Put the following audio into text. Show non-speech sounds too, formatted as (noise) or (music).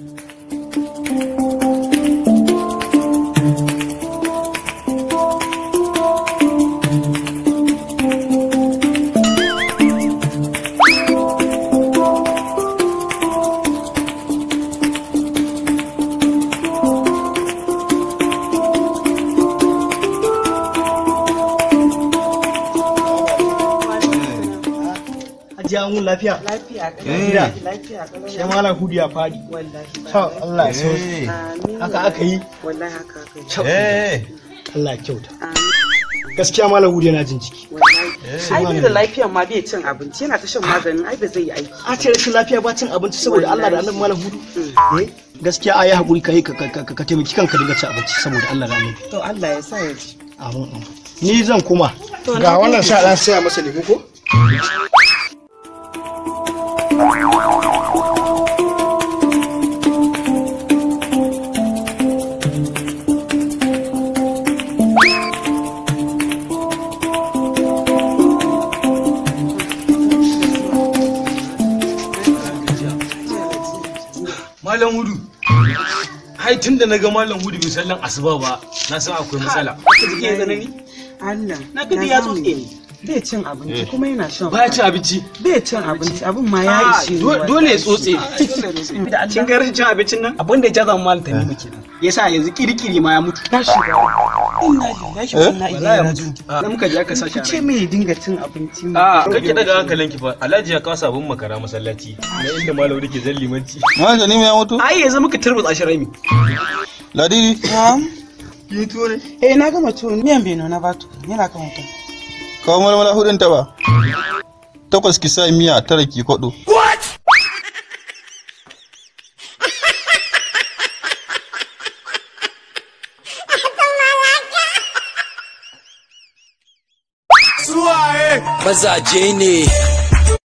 Thank you. hajiya mun lafiya lafiya gida eh. sai malam hudu ya fadi to Allah ya so haka aka yi wallahi haka aka yi eh. Allah ya kyauta gaskiya malam hudu yana jin ciki ai bai da lafiya ma bai cin abinci yana ta shan maganin ai bai zai yi aiki a ce rashin lafiya ba cin abinci saboda Allah da annabi malam hudu eh, gaskiya ai hakuri kai ka taimaki kanka dinga cin abinci saboda Allah da annabi to Allah ya sa ya ji amin ni zan kuma ga wannan sha dan saya masa lemu ko Malam Hudu. Hai tun da na ga Malam Hudu bai sallan asuba ba, na san akwai matsala. Ka ji ke tsanani? Allah. Na ga ya tsoke ni. bai cin abinci eh. kuma yana shan Baya cin abinci bai cin abinci abin ma ya ishe dole ya tsotse (laughs) kin ga rashin cin abincin nan abin da ya jaza mal tani eh. muke yasa yanzu kirikiri ma ya mutu na shiga inna lillahi wa eh? inna ilaihi raji'un dan ah. muka je aka sashi ce me dinga cin abinci a ah, kake daga hankalin ki fa alhaji ya kawo sabon makara masallaci na inda malam rike zallimanci ma ne ya mutu ai yanzu muka turbutsa shi rami ladidi na'am tuwo ne eh na gama tuwo miyan beno na ba tuwo yana kan mutum kawo marmara hudun ta ba takwas ki sa miya tara ki kwado mazaje ne